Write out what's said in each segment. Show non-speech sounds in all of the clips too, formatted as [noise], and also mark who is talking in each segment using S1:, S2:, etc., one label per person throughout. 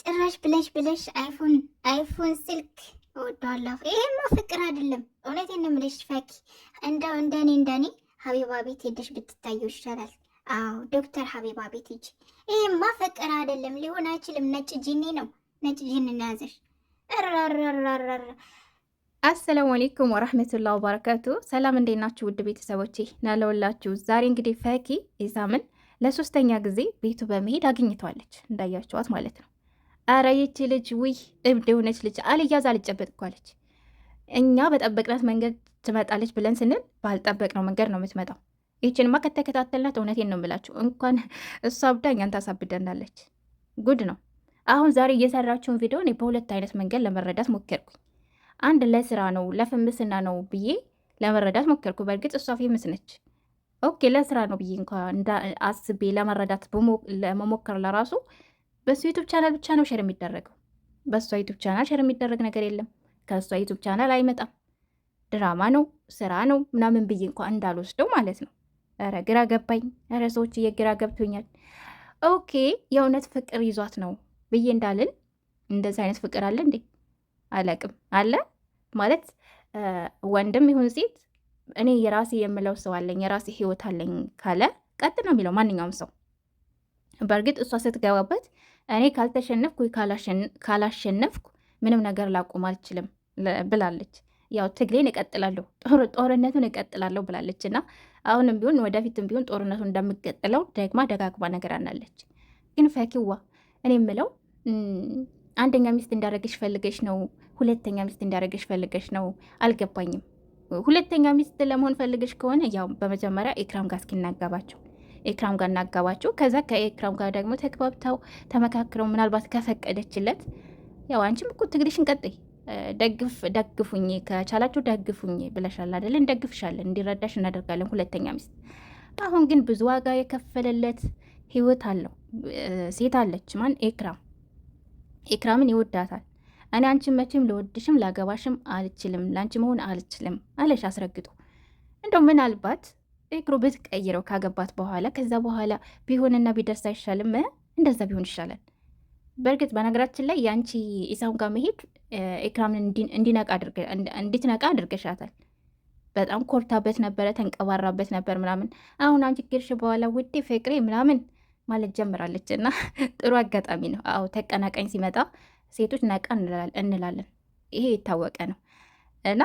S1: ጭራሽ ብለሽ ብለሽ አይፎን አይፎን ስልክ እወደዋለሁ። ይሄማ ፍቅር አይደለም። እውነቴን ነው የምልሽ ፈኪ፣ እንደው እንደኔ እንደኔ ሀቢባ ቤት ሄደሽ ብትታየው ይሻላል። አዎ ዶክተር ሀቢባ ቤት ሂጂ። ይሄማ ፍቅር አይደለም፣ ሊሆን አይችልም። ነጭ ጂኒ ነው፣ ነጭ ጂኒ ነው ያዘሽ። ራራራራራ
S2: አሰላሙ አሌይኩም ወራህመቱላህ ወበረካቱ። ሰላም እንዴት ናችሁ ውድ ቤተሰቦቼ? ናለውላችሁ። ዛሬ እንግዲህ ፈኪ ኢሳምን ለሶስተኛ ጊዜ ቤቱ በመሄድ አግኝተዋለች። እንዳያቸዋት ማለት ነው ኧረ ይቺ ልጅ ውይ እብድ የሆነች ልጅ አልያዝ አልጨበጥ እኮ አለች። እኛ በጠበቅናት መንገድ ትመጣለች ብለን ስንል ባልጠበቅነው መንገድ ነው የምትመጣው። ይህችንማ ከተከታተልናት እውነቴን ነው የምላችሁ፣ እንኳን እሷ አብዳ እኛን ታሳብደናለች። ጉድ ነው። አሁን ዛሬ እየሰራችውን ቪዲዮ እኔ በሁለት አይነት መንገድ ለመረዳት ሞከርኩኝ። አንድ ለስራ ነው ለፍምስና ነው ብዬ ለመረዳት ሞከርኩ። በእርግጥ እሷ ፌምስ ነች። ኦኬ ለስራ ነው ብዬ እንኳ አስቤ ለመረዳት መሞከር ለራሱ በእሱ ዩቱብ ቻናል ብቻ ነው ሸር የሚደረገው። በእሷ ዩቱብ ቻናል ሸር የሚደረግ ነገር የለም። ከእሷ ዩቱብ ቻናል አይመጣም። ድራማ ነው ስራ ነው ምናምን ብዬ እንኳ እንዳልወስደው ማለት ነው። ረ ግራ ገባኝ። ረ ሰዎች እየግራ ገብቶኛል። ኦኬ የእውነት ፍቅር ይዟት ነው ብዬ እንዳልን እንደዚህ አይነት ፍቅር አለ እንዴ? አላቅም አለ ማለት ወንድም ይሁን ሴት እኔ የራሴ የምለው ሰው አለኝ የራሴ ህይወት አለኝ ካለ ቀጥ ነው የሚለው ማንኛውም ሰው። በእርግጥ እሷ ስትገባበት እኔ ካልተሸነፍኩ ካላሸነፍኩ ምንም ነገር ላቆም አልችልም ብላለች። ያው ትግሌን እቀጥላለሁ፣ ጦርነቱን እቀጥላለሁ ብላለች እና አሁንም ቢሆን ወደፊትም ቢሆን ጦርነቱን እንደምቀጥለው ደግማ ነገር አናለች። ግን ፈኪዋ እኔ የምለው አንደኛ ሚስት እንዳደረገሽ ፈልገሽ ነው? ሁለተኛ ሚስት እንዳደረገሽ ፈልገሽ ነው? አልገባኝም። ሁለተኛ ሚስት ለመሆን ፈልገሽ ከሆነ ያው በመጀመሪያ ኤክራም ጋር እስኪናገባቸው ኤክራም ጋር እናጋባቸው። ከዛ ከኤክራም ጋር ደግሞ ተግባብተው ተመካክረው ምናልባት ከፈቀደችለት ያው አንቺም እኮ ትግልሽን ቀጥይ ደግፍ ደግፉኝ ከቻላችሁ ደግፉኝ ብለሻል አይደለ? እንደግፍሻለን፣ እንዲረዳሽ እናደርጋለን። ሁለተኛ ሚስት አሁን ግን ብዙ ዋጋ የከፈለለት ህይወት አለው ሴት አለች ማን ኤክራም ኤክራምን ይወዳታል። እኔ አንቺ መቼም ልወድሽም ላገባሽም አልችልም፣ ለአንቺ መሆን አልችልም አለሽ አስረግጦ እንደው ምናልባት እግሩ ብትቀይረው ካገባት በኋላ ከዛ በኋላ ቢሆንና ቢደርስ አይሻልም? እንደዛ ቢሆን ይሻላል። በእርግጥ በነገራችን ላይ የአንቺ ኢሳም ጋር መሄድ ኤክራምን እንድትነቃ አድርገሻታል። በጣም ኮርታበት ነበረ፣ ተንቀባራበት ነበር ምናምን። አሁን አንቺ ግርሽ በኋላ ውዴ ፍቅሬ ምናምን ማለት ጀምራለች። እና [laughs] ጥሩ አጋጣሚ ነው። አዎ ተቀናቃኝ ሲመጣ ሴቶች ነቃ እንላለን። ይሄ የታወቀ ነው። እና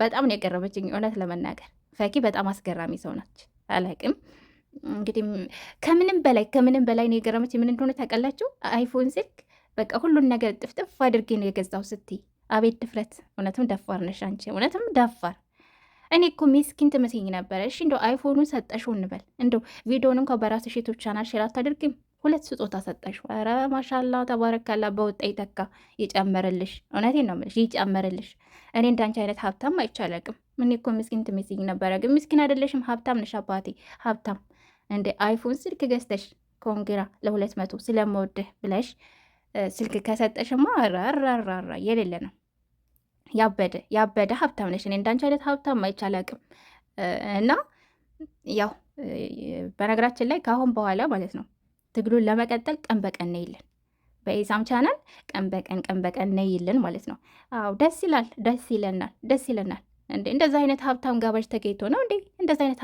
S2: በጣም ነው የቀረበችኝ እውነት ለመናገር ፈኪ በጣም አስገራሚ ሰው ናች። አላቅም እንግዲህ ከምንም በላይ ከምንም በላይ ነው የገረመች ምን እንደሆነ ታውቃላችሁ? አይፎን ስልክ በቃ ሁሉን ነገር ጥፍጥፍ አድርጌ ነው የገዛው ስትይ፣ አቤት ድፍረት! እውነትም ደፋር ነሽ አንቺ፣ እውነትም ደፋር። እኔ እኮ ሚስኪን ትመስኝ ነበረ። እሺ እንደው አይፎኑን ሰጠሽው እንበል፣ እንደው ቪዲዮን እንኳ በራስሽ ዩቱብ ቻናል ሼር አታደርጊም? ሁለት ስጦታ ሰጠሽ። ኧረ ማሻላ ተባረካላ፣ በወጣ ይተካ፣ ይጨመርልሽ። እውነቴን ነው የምልሽ፣ ይጨመርልሽ። እኔ እንዳንቺ አይነት ሀብታም አይቻለቅም ምን እኮ ምስኪን ትመስይኝ ነበረ። ግን ምስኪን አይደለሽም፣ ሀብታም ነሽ አባቴ። ሀብታም እንደ አይፎን ስልክ ገዝተሽ ኮንግራ ለሁለት መቶ ስለምወድህ ብለሽ ስልክ ከሰጠሽማ ራራራራ የሌለ ነው። ያበደ ያበደ ሀብታም ነሽ። እኔ እንዳንቺ አይነት ሀብታም አይቻላቅም። እና ያው በነገራችን ላይ ከአሁን በኋላ ማለት ነው ትግሉን ለመቀጠል ቀን በቀን ነይልን፣ በኢሳም ቻናል ቀን በቀን ቀን በቀን ነይልን ማለት ነው። አዎ ደስ ይላል፣ ደስ ይለናል፣ ደስ ይለናል። እንዴ እንደዚ አይነት ሀብታም ጋባዥ ተገኝቶ ነው እንዴ? እንደዚ አይነት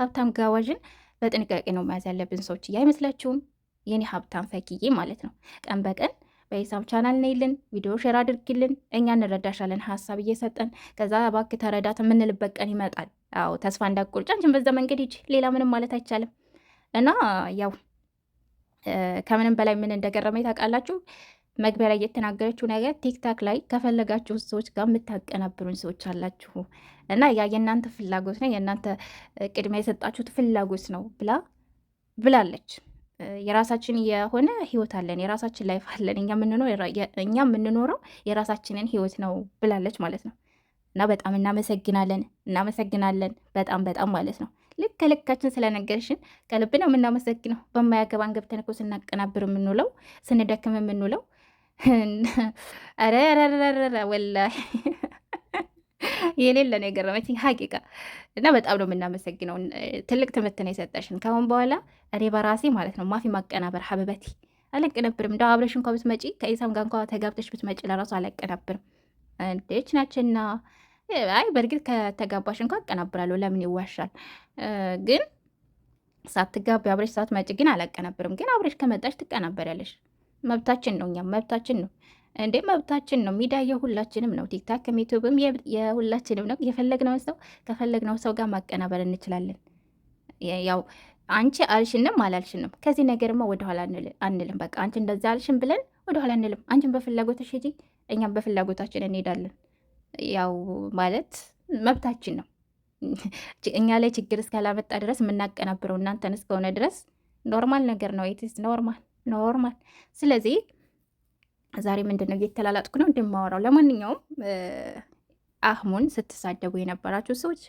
S2: ሀብታም ጋባዥን በጥንቃቄ ነው መያዝ ያለብን ሰዎች አይመስላችሁም? የኔ ሀብታም ፈክዬ ማለት ነው። ቀን በቀን በሂሳብ ቻናል ነይልን፣ ቪዲዮ ሼር አድርግልን፣ እኛ እንረዳሻለን ሀሳብ እየሰጠን ከዛ ባክ ተረዳት የምንልበት ቀን ይመጣል። አዎ ተስፋ እንዳትቆርጪ፣ አንቺን በዛ መንገድ ሂጂ። ሌላ ምንም ማለት አይቻልም። እና ያው ከምንም በላይ ምን እንደገረመኝ ታውቃላችሁ? መግቢያ ላይ የተናገረችው ነገር ቲክታክ ላይ ከፈለጋችሁ ሰዎች ጋር የምታቀናብሩኝ ሰዎች አላችሁ እና ያ የእናንተ ፍላጎት ነው የእናንተ ቅድሚያ የሰጣችሁት ፍላጎት ነው ብላ ብላለች። የራሳችን የሆነ ህይወት አለን፣ የራሳችን ላይፍ አለን። እኛ የምንኖረው የራሳችንን ህይወት ነው ብላለች ማለት ነው። እና በጣም እናመሰግናለን፣ እናመሰግናለን በጣም በጣም ማለት ነው። ልክ ከልካችን ስለነገርሽን ከልብ ነው የምናመሰግነው። በማያገባን ገብተን እኮ ስናቀናብር የምንውለው ስንደክም የምንውለው [laughs] ረረረረረ ወላ [laughs] የሌለ ነው የገረመች ሀቂቃ። እና በጣም ነው የምናመሰግነው። ትልቅ ትምህርት ነው የሰጠሽን። ከአሁን በኋላ እኔ በራሴ ማለት ነው ማፊ ማቀናበር ሀበበቲ አለቀነብርም። እንደ አብረሽ እንኳ ብትመጪ ከኢሳም ጋር እንኳ ተጋብተሽ ብትመጪ ለራሱ አለቀነብርም። እንዴች ናችና አይ በእርግጥ ከተጋባሽ እንኳ አቀናብራለሁ። ለምን ይዋሻል? ግን ሳትጋቢ አብረሽ ሳትመጪ ግን አላቀነብርም። ግን አብረሽ ከመጣሽ ትቀናበሪያለሽ። መብታችን ነው። እኛም መብታችን ነው እንዴ መብታችን ነው። ሚዲያ የሁላችንም ነው። ቲክታክም ዩቱብም የሁላችንም ነው። የፈለግነውን ሰው ከፈለግነው ሰው ጋር ማቀናበር እንችላለን። ያው አንቺ አልሽንም አላልሽንም ከዚህ ነገርማ ወደኋላ አንልም። በቃ አንቺ እንደዛ አልሽን ብለን ወደኋላ አንልም። አንቺን በፍላጎትሽ ሂጂ፣ እኛም በፍላጎታችን እንሄዳለን። ያው ማለት መብታችን ነው። እኛ ላይ ችግር እስካላመጣ ድረስ የምናቀናብረው እናንተን እስከሆነ ድረስ ኖርማል ነገር ነው። ኢትስ ኖርማል ኖርማል። ስለዚህ ዛሬ ምንድን ነው እየተላላጥኩ ነው እንደማወራው። ለማንኛውም አህሙን ስትሳደቡ የነበራችሁ ሰዎች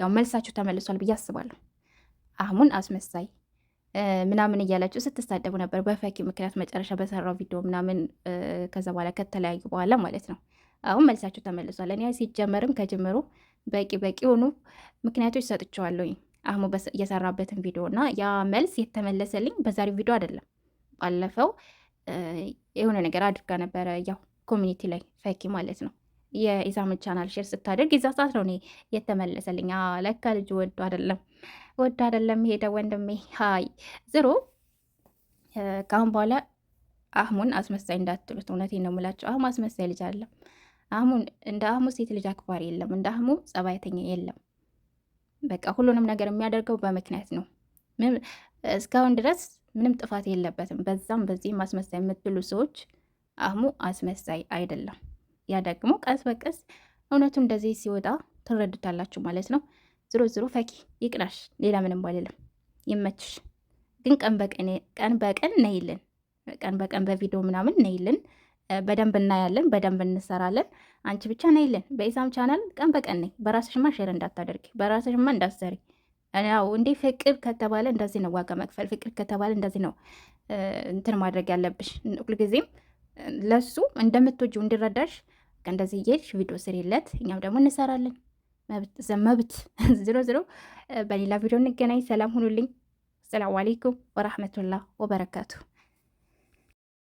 S2: ያው መልሳችሁ ተመልሷል ብዬ አስባለሁ። አህሙን አስመሳይ ምናምን እያላችሁ ስትሳደቡ ነበር በፈኪ ምክንያት መጨረሻ በሰራው ቪዲዮ ምናምን ከዛ በኋላ ከተለያዩ በኋላ ማለት ነው። አሁን መልሳችሁ ተመልሷል። እኔ ሲጀመርም ከጅምሩ በቂ በቂ ሆኑ ምክንያቶች ሰጥቼዋለሁኝ አህሙ የሰራበትን ቪዲዮ እና ያ መልስ የተመለሰልኝ በዛሬው ቪዲዮ አይደለም። ባለፈው የሆነ ነገር አድርጋ ነበረ፣ ያው ኮሚኒቲ ላይ ፈኪ ማለት ነው የኢዛምን ቻናል ሼር ስታደርግ የዛ ሰዓት ነው እኔ የተመለሰልኝ። ለካ ልጅ ወዶ አደለም ወዶ አደለም ሄደ ወንድሜ። ሀይ ዝሮ ከአሁን በኋላ አህሙን አስመሳይ እንዳትሉት። እውነቴን ነው የምላቸው፣ አህሙ አስመሳይ ልጅ አለም። አህሙን እንደ አህሙ ሴት ልጅ አክባሪ የለም፣ እንደ አህሙ ጸባይተኛ የለም። በቃ ሁሉንም ነገር የሚያደርገው በምክንያት ነው። እስካሁን ድረስ ምንም ጥፋት የለበትም። በዛም በዚህም አስመሳይ የምትሉ ሰዎች አህሙ አስመሳይ አይደለም። ያ ደግሞ ቀስ በቀስ እውነቱ እንደዚህ ሲወጣ ትረድታላችሁ ማለት ነው። ዝሮ ዝሮ ፈኪ ይቅናሽ፣ ሌላ ምንም አልልም። ይመችሽ። ግን ቀን በቀን ነይልን፣ ቀን በቀን በቪዲዮ ምናምን ነይልን። በደንብ እናያለን፣ በደንብ እንሰራለን። አንቺ ብቻ ነይልን። በኢሳም ቻናል ቀን በቀን ነይ። በራስሽማ ሼር እንዳታደርጊ፣ በራስሽማ እንዳትሰሪ ያው እንዴ ፍቅር ከተባለ እንደዚህ ነው ዋጋ መክፈል። ፍቅር ከተባለ እንደዚህ ነው እንትን ማድረግ ያለብሽ። ሁልጊዜም ለሱ እንደምትወጂው እንዲረዳሽ እንደዚህ እየሄድሽ ቪዲዮ ስሪለት፣ እኛም ደግሞ እንሰራለን። መብት ዝሮ [laughs] ዝሮ በሌላ ቪዲዮ እንገናኝ። ሰላም ሁኑልኝ። አሰላሙ አሌይኩም ወራህመቱላህ ወበረካቱሁ።